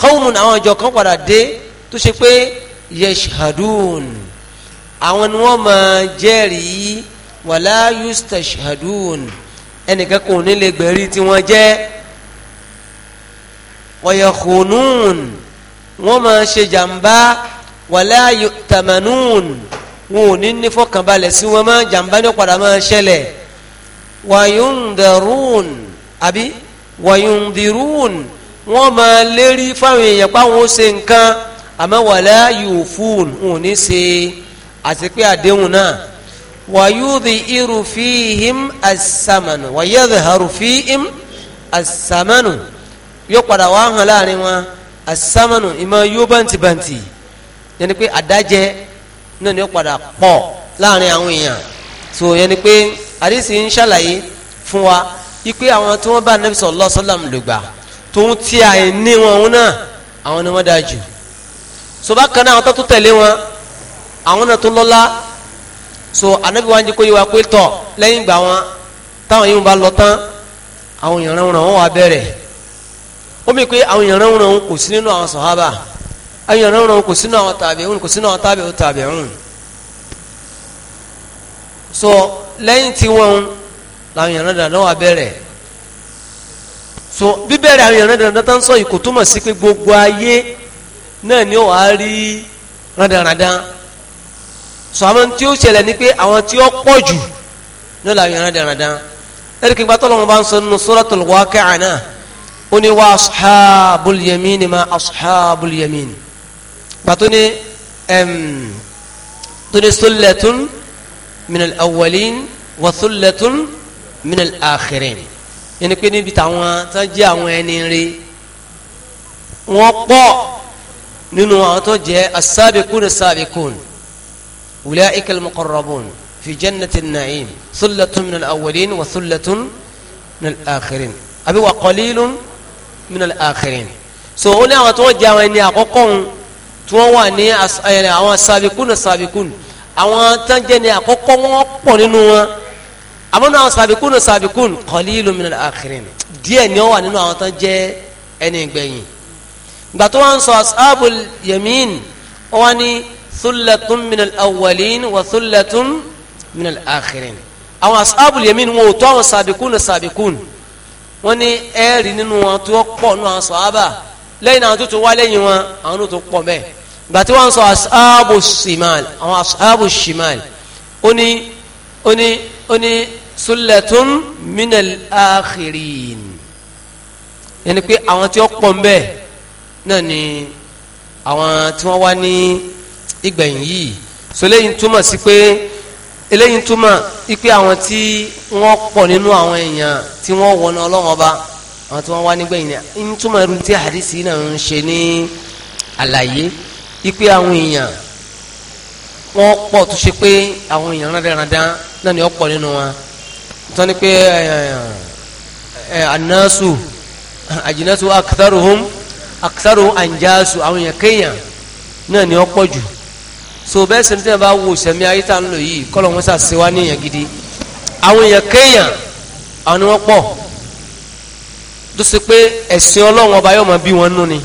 qawmun àwọn ìjọ kan padà dé tó ṣe pé yashhadun àwọn ni wọ́n máa jẹ́rìí wàlá yustashhadun ẹnìkan kò ní lè gbẹ̀rí tí wọ́n jẹ́ wayakhunun wọ́n máa ṣe jàmbá wàlá yu'tamanun wọn ò ní ní fọkànbalẹ̀ sí wọn máa jàmbá ní padà máa ṣẹlẹ̀ wayundarun àbí wayundirun wọ́n máa lérí fáwọn èèyàn páwọn ó ṣe nǹkan àmọ́ wàlá yóò fún un ní ṣe àti pé àdéhùn náà wàyúdi irufihim asamanu wàyẹ́dì harufihim asamanu yóò padà wá hàn láàrin wọn asamanu ìmọ̀ yóò bàǹtìbàǹtì yẹn ni pé àdájẹ náà ni ó padà pọ̀ láàrin àwọn èèyàn so yẹn ni pé àdìsí ń ṣàlàyé fún wa ipe àwọn tí wọ́n bá nẹ́bí sallallahu alaihi wasallam lògbà tòun ti àìní wọn òun náà àwọn ni wọ́n dáa jù so bákan náà àwọn tó tẹ̀lé wọn àwọn náà tó lọ́lá so anabi wa ń jẹ́ wa pé tọ̀ lẹ́yìn ìgbà wọn táwọn yìí ń bá lọ tán àwọn èèyàn rán wọn wà bẹ̀rẹ̀ ó mi pé àwọn èèyàn wọn kò sí nínú àwọn sàhábà àwọn èèyàn wọn kò sí nínú àwọn tàbíùn kò sí nínú àwọn tàbíùn tàbíùn so lẹ́yìn tí wọ́n làwọn èèyàn rán wọn wà bẹ̀rẹ̀ so bíbẹ̀rẹ̀ àwọn èèyàn dandan tó ń sọ yìí kò túmọ̀ sí pé gbogbo ayé náà ni ó wàá rí randanrandan so àwọn tí ó ṣẹlẹ̀ ni pé àwọn tí ó pọ̀ jù náà làwọn èèyàn randanrandan ẹ̀ríkì gbàtọ́ lọ́wọ́ bá ń sọ nínú suratul waqi'a náà ó ní wá ashabul yamini ma ashabul yamini gbàtọ́ ní tó ní sullatun minal awwalin wa sullatun minal akhirin ẹni pé níbi táwọn tán jẹ́ àwọn ẹni rí wọ́n pọ̀ nínú àwọn tó jẹ́ as-sabiqun as-sabiqun ulaika al-muqarrabun fi jannati an-na'im thullatun min al-awwalin wa thullatun min al-akhirin àbí wa qalilun min al so ó ní àwọn tó jẹ́ àwọn ẹni àkọ́kọ́ tí wọ́n wà ní àwọn as-sabiqun àwọn tán jẹ́ ni àkọ́kọ́ wọ́n pọ̀ nínú wọn àmọ́ nínú àwọn sàbíkúnù sàbíkúnù qalilun minal akhirin díẹ̀ ni ó wà nínú àwọn tó jẹ́ ẹni ìgbẹ̀yìn gbà tó wọn sọ ashabul yamin wọn ni thullatun minal awwalin wa thullatun minal akhirin àwọn ashabul yamin wọn ò tó àwọn sàbíkúnù sàbíkúnù wọn ni ẹ̀ẹ́rì nínú wọn tó pọ̀ nínú àwọn sàhábà lẹ́yìn àwọn tó tún wá lẹ́yìn wọn àwọn tó pọ̀ bẹ́ẹ̀ gbàtí wọ́n sọ asaabu simal àwọn asaabu shimal ó ní ó ní ó ní sullatun minal akhirin yẹn ni pé àwọn tí wọ́n pọ̀ ń bẹ́ẹ̀ náà ni àwọn tí wọ́n wá ní ìgbẹ̀yìn yìí so lẹ́yìn túmọ̀ sí pé eléyìí túmọ̀ ipe àwọn tí wọ́n pọ̀ nínú àwọn èèyàn tí wọ́n wọnà ọlọ́run ọba àwọn tí wọ́n wá nígbẹ̀yìn ni ń túmọ̀ irú tí àdìsí náà ń ṣe ní àlàyé ipe àwọn èèyàn wọ́n pọ̀ tó ṣe pé àwọn èèyàn rán dáradára náà ni wọ́n pọ̀ nínú wọn tán ni pé eh, eh, eh, anásù àjìnásù akitaruhum akitaruhum anjásù àwọn èèyàn kéèyàn náà ni ó pọ̀ jù so bẹ́ẹ̀ sẹ́ni tí wọ́n bá wo sẹ́mi ayé tá à ń lò yìí kọ́ lọ́wọ́ sà ṣe wá níyàn gidi àwọn èèyàn kéèyàn àwọn ni wọ́n pọ̀ tó ṣe pé ẹ̀sìn ọlọ́run ọba yóò máa bí wọn nú ni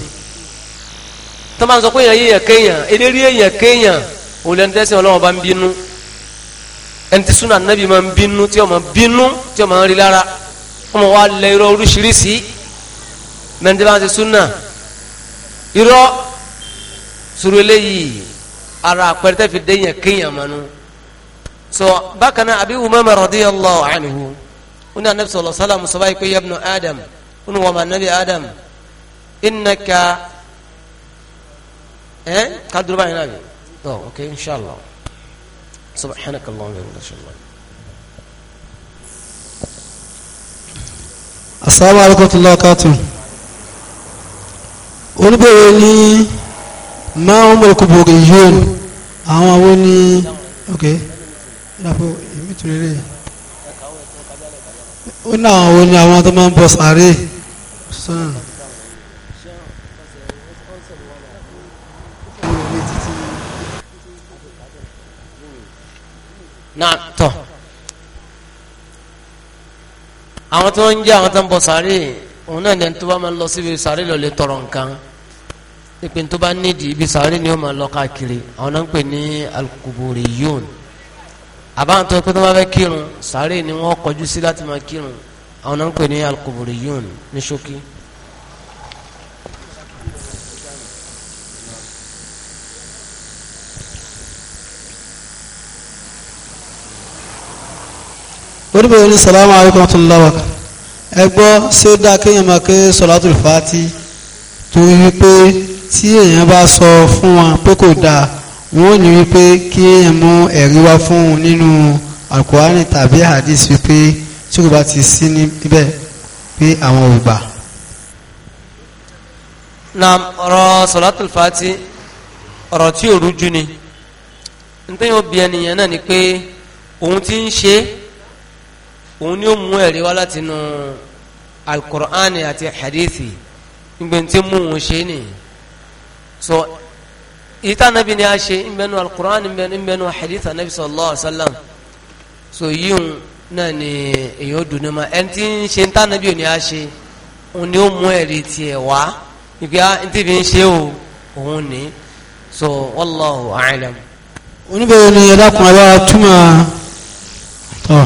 tó ń sọ pé èèyàn yéèyàn kéèyàn eléré èèyàn kéèyàn òun lẹ́nu tẹ́sán ọlọ́run ọba ń bínú ẹni tí súnà nàbì máa ń bínú tí ó máa bínú tí ó máa ń rí lára ọmọ wa lẹ irọ́ oríṣiríṣi mẹ́ni tí wọ́n ti súnà irọ́ sọ̀rọ̀ eléyìí ara àpẹẹrẹ fi déyàn kéèyàn mọ́nu so bákan náà Abi Umama radiyallahu anhu wọn ní anabi sọlọ sálàmù sọ báyìí pé yabnu adam wọn ní wọn máa nabi adam innaka ẹ kádùrú báyìí náà bi tọ ok inshallah. سبحانك اللهم وبحمدك اشهد ان السلام عليكم ورحمه الله وبركاته oníbẹ̀rẹ̀ ní máa ń mọ̀ ẹ̀kọ́ bògì yóò àwọn àwọn ní ok ìdàpọ̀ èmi tún lè ó ní àwọn àwọn ní àwọn tó máa ń bọ̀ sàárè sọ́nà. náà tọ̀ àwọn tó ń jẹ́ àwọn tó ń bọ̀ sáré òun náà dẹ̀ ń tó bá máa ń lọ síbi sáré lọ lè tọrọ nǹkan ìpè tó bá nídìí ibi sáré ni ó máa lọ káàkiri àwọn náà ń pè ní al-kuburiyun àbáwọn tó pé tó bá fẹ́ kírun sáré ni wọ́n kọjú sí láti máa kírun àwọn náà ń pè ní al-kuburiyun ní ṣókí. oníbẹ̀rẹ̀ ní salamu alaykum wa rahmatulahi wa ẹ gbọ́ ṣé ó dáa kéèyàn máa ké sọ̀látùl fàátì tó wípé tí èèyàn bá sọ fún wọn pé kò dáa wọn ò ní wípé kí èèyàn mú ẹ̀rí wá fún un nínú alukurani tàbí hadith wípé tí kò bá ti sí níbẹ̀ pé àwọn ò gbà. na ọ̀rọ̀ sọ̀látùl fàátì ọ̀rọ̀ tí ò rújú ni ntẹ́yìn ó bí náà ni pé òun ti ń ṣe é òun ni ó mú ẹ̀rí wá láti nu alukur'ani àti hadithi nígbà tí mú òun ṣe ni so ìta nabi ni a ṣe nbẹnu alukur'ani nbẹnu hadithi anabi sallallahu alaihi wa sallam so yíyún náà ni èyàn dùnú ma ẹni tí ń ṣe ìta nabi ni a ṣe òun ni ó mú ẹ̀rí tiẹ̀ wá ìgbà tí fi ń ṣe o òun ni so wallahu a'lam. oníbẹ̀rẹ̀ ni ẹ̀dá kan ẹ̀ bá túmọ̀ tọ́.